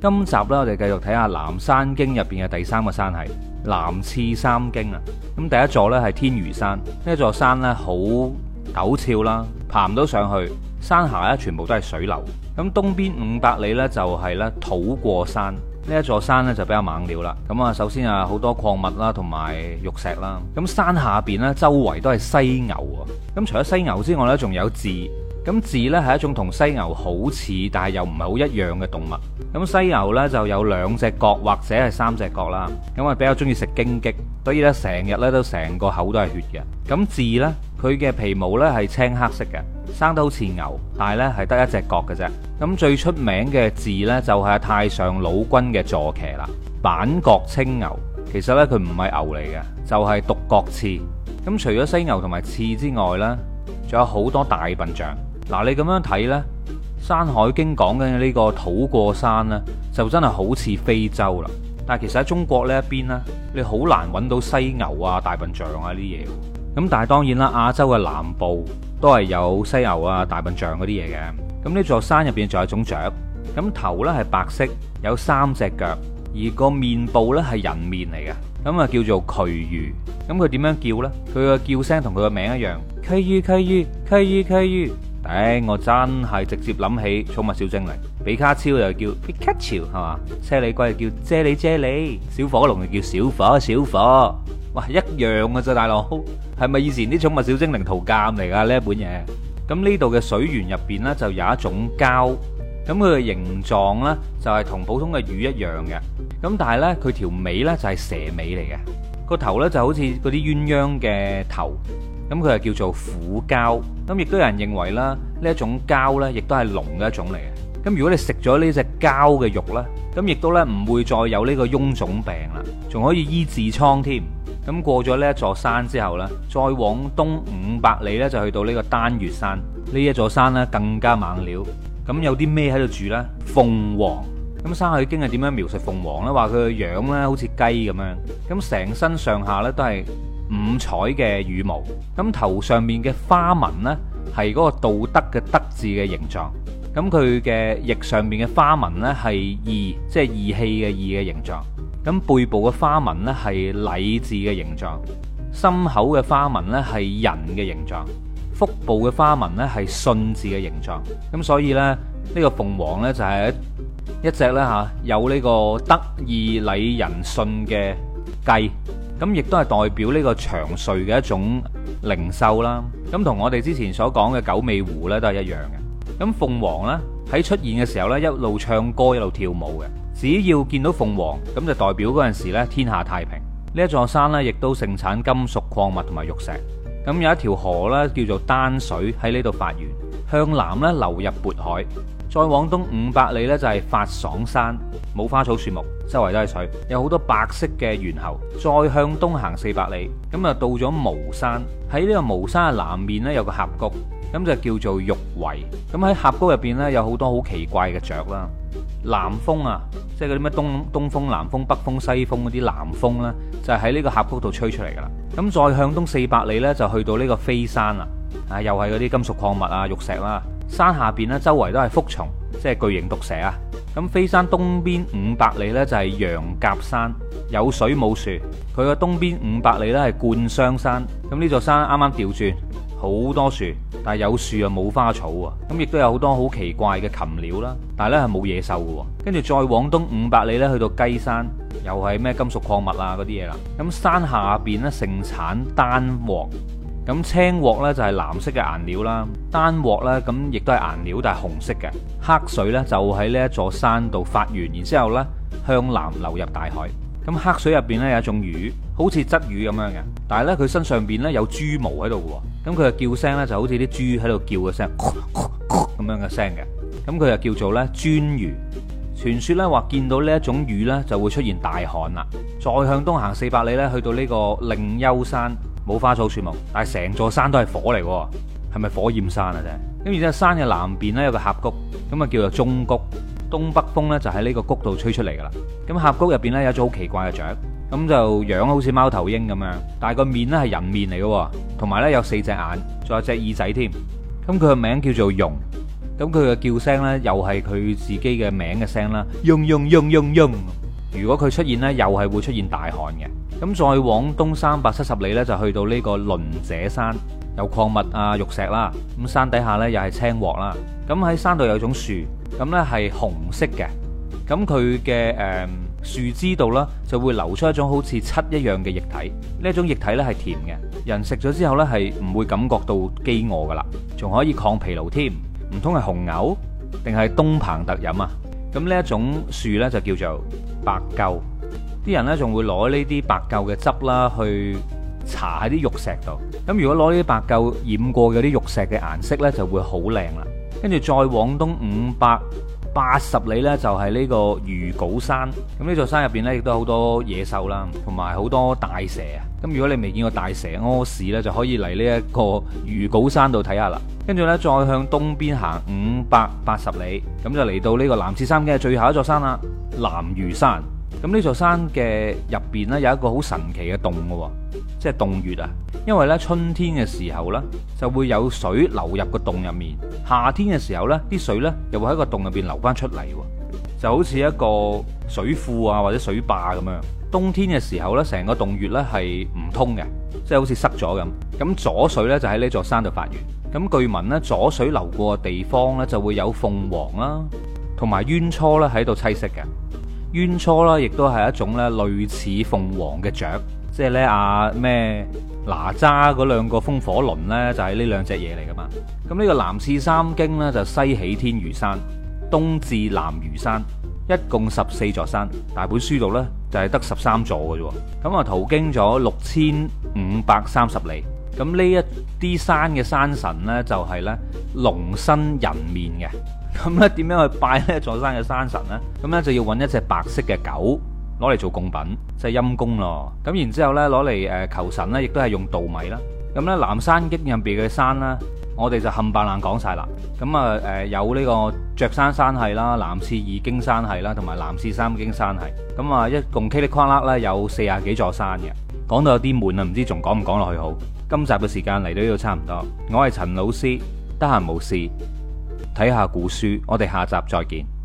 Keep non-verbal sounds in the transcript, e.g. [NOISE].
今集咧，我哋繼續睇下《南山經》入邊嘅第三個山係南次三經啊。咁第一座呢係天魚山，呢一座山呢好陡峭啦，爬唔到上去。山下呢全部都係水流。咁東邊五百里呢就係咧土過山，呢一座山呢就比較猛料啦。咁啊，首先啊，好多礦物啦，同埋玉石啦。咁山下邊呢，周圍都係犀牛啊。咁除咗犀牛之外呢，仲有字。咁字呢係一種同犀牛好似，但係又唔係好一樣嘅動物。咁犀牛呢就有兩隻角或者係三隻角啦。咁啊，比較中意食荊棘，所以呢成日呢都成個口都係血嘅。咁字呢，佢嘅皮毛呢係青黑色嘅，生得好似牛，但係呢係得一隻角嘅啫。咁最出名嘅字呢，就係太上老君嘅坐騎啦，板角青牛。其實呢，佢唔係牛嚟嘅，就係獨角刺。咁除咗犀牛同埋刺之外呢，仲有好多大笨象。嗱，你咁樣睇呢，《山海經》講緊呢個土過山呢，就真係好似非洲啦。但係其實喺中國呢一邊呢，你好難揾到犀牛啊、大笨象啊呢啲嘢。咁但係當然啦，亞洲嘅南部都係有犀牛啊、大笨象嗰啲嘢嘅。咁呢座山入邊仲有種雀，咁頭呢係白色，有三隻腳，而個面部呢係人面嚟嘅，咁啊叫做瞿如。咁佢點樣叫呢？佢嘅叫聲同佢個名一樣，瞿如瞿如瞿如瞿如。唉，我真係直接諗起寵物小精靈，比卡超又叫比卡超係嘛，車里龜又叫啫喱啫喱，小火龍又叫小火小火，哇，一樣嘅咋大佬？係咪以前啲寵物小精靈圖鑑嚟噶呢一本嘢？咁呢度嘅水源入邊呢就有一種膠，咁佢嘅形狀呢就係同普通嘅魚一樣嘅，咁但係呢佢條尾呢就係蛇尾嚟嘅，個頭呢就好似嗰啲鴛鴦嘅頭。咁佢就叫做虎蛟，咁亦都有人認為啦，呢一種蛟咧，亦都係龍嘅一種嚟嘅。咁如果你食咗呢隻蛟嘅肉咧，咁亦都咧唔會再有呢個臃腫病啦，仲可以醫痔瘡添。咁過咗呢一座山之後咧，再往東五百里咧，就去到呢個丹穴山。呢一座山咧更加猛料，咁有啲咩喺度住咧？鳳凰。咁《山海經》係點樣描述鳳凰咧？話佢個樣咧好似雞咁樣，咁成身上下咧都係五彩嘅羽毛，咁頭上面嘅花紋呢，係嗰個道德嘅德字嘅形狀，咁佢嘅翼上面嘅花紋呢，係義，即係義氣嘅義嘅形狀，咁背部嘅花紋呢，係禮字嘅形狀，心口嘅花紋呢，係仁嘅形狀，腹部嘅花紋呢，係信字嘅形狀，咁所以呢，呢、呢個鳳凰呢，就係一一隻咧吓有呢個德義禮仁信嘅雞。咁亦都係代表呢個祥瑞嘅一種靈獸啦。咁同我哋之前所講嘅九尾狐呢，都係一樣嘅。咁鳳凰呢喺出現嘅時候呢，一路唱歌一路跳舞嘅。只要見到鳳凰，咁就代表嗰陣時呢，天下太平。呢一座山呢亦都盛產金屬礦物同埋玉石。咁有一條河呢叫做丹水，喺呢度發源，向南呢流入渤海。再往東五百里呢，就係發爽山，冇花草樹木，周圍都係水，有好多白色嘅猿猴。再向東行四百里，咁啊到咗毛山。喺呢個毛山嘅南面呢，有個峽谷，咁就叫做玉圍。咁喺峽谷入邊呢，有好多好奇怪嘅雀啦。南風啊，即係嗰啲咩東東風、南風、北風、西風嗰啲南風呢，就係喺呢個峽谷度吹出嚟噶啦。咁再向東四百里呢，就去到呢個飛山啊，啊又係嗰啲金屬礦物啊、玉石啦。山下邊咧，周圍都係蝮蟲，即係巨型毒蛇啊！咁飛山東邊五百里呢，就係羊甲山，有水冇樹。佢個東邊五百里呢，係灌湘山，咁呢座山啱啱調轉，好多樹，但係有樹又冇花草喎。咁亦都有好多好奇怪嘅禽鳥啦，但係咧係冇野獸嘅。跟住再往東五百里呢，去到雞山，又係咩金屬礦物啊嗰啲嘢啦。咁山下邊呢，盛產丹黃。咁青鑊呢，就係藍色嘅顏料啦，丹鑊呢，咁亦都係顏料，但係紅色嘅。黑水呢，就喺呢一座山度發源，然之後呢，向南流入大海。咁黑水入邊呢，有一種魚，好似鯽魚咁樣嘅，但係呢，佢身上邊呢，有豬毛喺度喎。咁佢嘅叫聲呢，就好似啲豬喺度叫嘅聲，咁 [LAUGHS] 樣嘅聲嘅。咁佢就叫做呢「鱄魚。傳說呢話見到呢一種魚呢，就會出現大旱啦。再向東行四百里呢，去到呢個令丘山。冇花草樹木，但係成座山都係火嚟喎，係咪火焰山啊？啫，咁，然之後山嘅南邊咧有個峽谷，咁啊叫做中谷，東北風咧就喺呢個谷度吹出嚟噶啦。咁峽谷入邊咧有一種好奇怪嘅雀，咁就樣好似貓頭鷹咁樣，但係個面咧係人面嚟嘅，同埋咧有四隻眼，仲有隻耳仔添。咁佢個名叫做顒，咁佢嘅叫聲咧又係佢自己嘅名嘅聲啦，融融融融融。如果佢出現咧，又係會出現大旱嘅。咁再往東三百七十里呢，就去到呢個崙者山，有礦物啊、玉石啦。咁、啊、山底下呢，又係青黃啦。咁、啊、喺山度有種樹，咁呢係紅色嘅。咁佢嘅誒樹枝度呢，就會流出一種好似漆一樣嘅液體。呢一種液體呢係甜嘅，人食咗之後呢，係唔會感覺到飢餓噶啦，仲可以抗疲勞添。唔通係紅牛定係東鵬特飲啊？咁呢一種樹咧就叫做白咎。啲人呢仲會攞呢啲白狗嘅汁啦，去搽喺啲玉石度。咁如果攞呢啲白狗染過嘅啲玉石嘅顏色呢，就會好靚啦。跟住再往東五百八十里呢，就係呢個魚稿山。咁呢座山入邊呢，亦都好多野獸啦，同埋好多大蛇啊。咁如果你未見過大蛇屙屎呢，那個、就可以嚟呢一個魚稿山度睇下啦。跟住呢，再向東邊行五百八十里，咁就嚟到呢個南次三嘅最後一座山啦——南禺山。咁呢座山嘅入邊呢，有一個好神奇嘅洞噶，即係洞穴啊。因為呢春天嘅時候呢，就會有水流入個洞入面；夏天嘅時候呢，啲水呢，又會喺個洞入邊流翻出嚟，就好似一個水庫啊或者水壩咁樣。冬天嘅時候呢，成個洞穴呢係唔通嘅，即係好似塞咗咁。咁左水呢，就喺呢座山度發源。咁據聞呢，左水流過嘅地方呢，就會有鳳凰啦，同埋鴛鴦咧喺度棲息嘅。冤初啦，亦都係一種咧類似鳳凰嘅雀，即係咧阿咩哪吒嗰兩個風火輪咧，就係呢兩隻嘢嚟噶嘛。咁呢個南次三經咧，就西起天魚山，東至南魚山，一共十四座山。大本書度咧就係得十三座嘅啫。咁啊，途經咗六千五百三十里。咁呢一啲山嘅山神咧，就係咧龍身人面嘅。咁咧，點樣去拜呢一座山嘅山神呢？咁咧就要揾一隻白色嘅狗攞嚟做供品，即係陰功咯。咁然之後呢，攞嚟誒求神呢，亦都係用稻米啦。咁咧，南山經入邊嘅山啦，我哋就冚唪唥講晒啦。咁啊誒，有呢個雀山山系啦，南次二經山系啦，同埋南次三經山系。咁啊，一共噼哩啪啦啦，有四廿幾座山嘅。講到有啲悶啊，唔知仲講唔講落去好。今集嘅時間嚟到呢度差唔多。我係陳老師，得閒冇事。睇下古書，我哋下集再見。